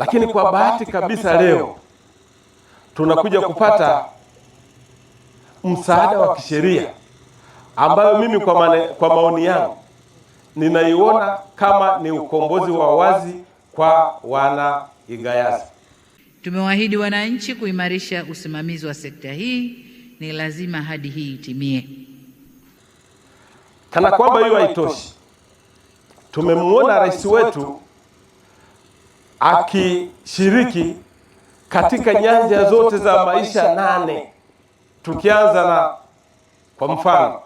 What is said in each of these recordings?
Lakini kwa bahati kabisa leo tunakuja kupata msaada wa kisheria ambayo mimi kwa, mane, kwa maoni yangu ninaiona kama ni ukombozi wa wazi kwa wana Igayasi. Tumewaahidi wananchi kuimarisha usimamizi wa sekta hii, ni lazima hadi hii itimie. Kana kwamba hiyo haitoshi, tumemwona rais wetu akishiriki katika nyanja zote za maisha nane, tukianza na kwa mfano,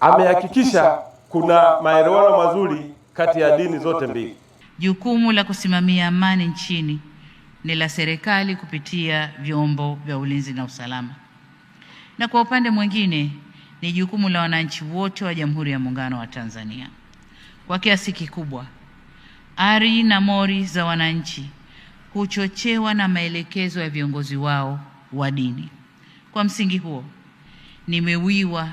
amehakikisha kuna maelewano mazuri kati ya dini zote mbili. Jukumu la kusimamia amani nchini ni la serikali kupitia vyombo vya ulinzi na usalama, na kwa upande mwingine ni jukumu la wananchi wote wa Jamhuri ya Muungano wa Tanzania. Kwa kiasi kikubwa Ari na mori za wananchi huchochewa na maelekezo ya viongozi wao wa dini. Kwa msingi huo, nimewiwa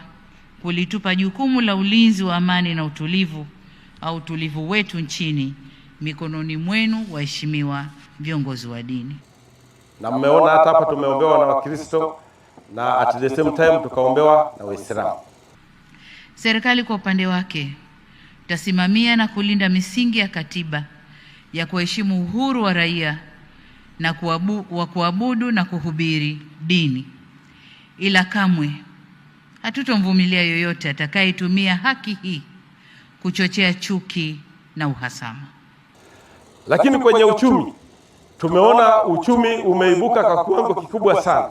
kulitupa jukumu la ulinzi wa amani na utulivu au utulivu wetu nchini mikononi mwenu, waheshimiwa viongozi wa dini. Na mmeona hata hapa tumeombewa na Wakristo na at the same time tukaombewa na Waislamu. Serikali kwa upande wake Tutasimamia na kulinda misingi ya katiba ya kuheshimu uhuru wa raia na kuabu, wa kuabudu na kuhubiri dini, ila kamwe hatutomvumilia yoyote atakayetumia haki hii kuchochea chuki na uhasama. Lakini kwenye uchumi tumeona uchumi umeibuka kwa kiwango kikubwa sana,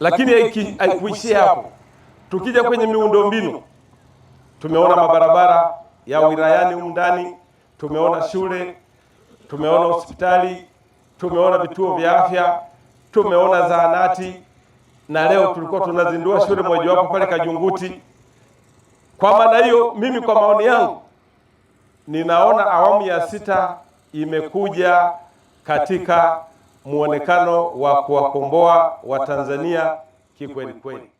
lakini haikuishia hapo. Tukija kwenye miundombinu tumeona mabarabara ya wilayani humu ndani, tumeona shule, tumeona hospitali, tumeona vituo vya afya, tumeona zahanati na leo tulikuwa tunazindua shule mojawapo pale Kajunguti. Kwa maana hiyo, mimi kwa maoni yangu, ninaona awamu ya sita imekuja katika muonekano wa kuwakomboa Watanzania kikweli kweli.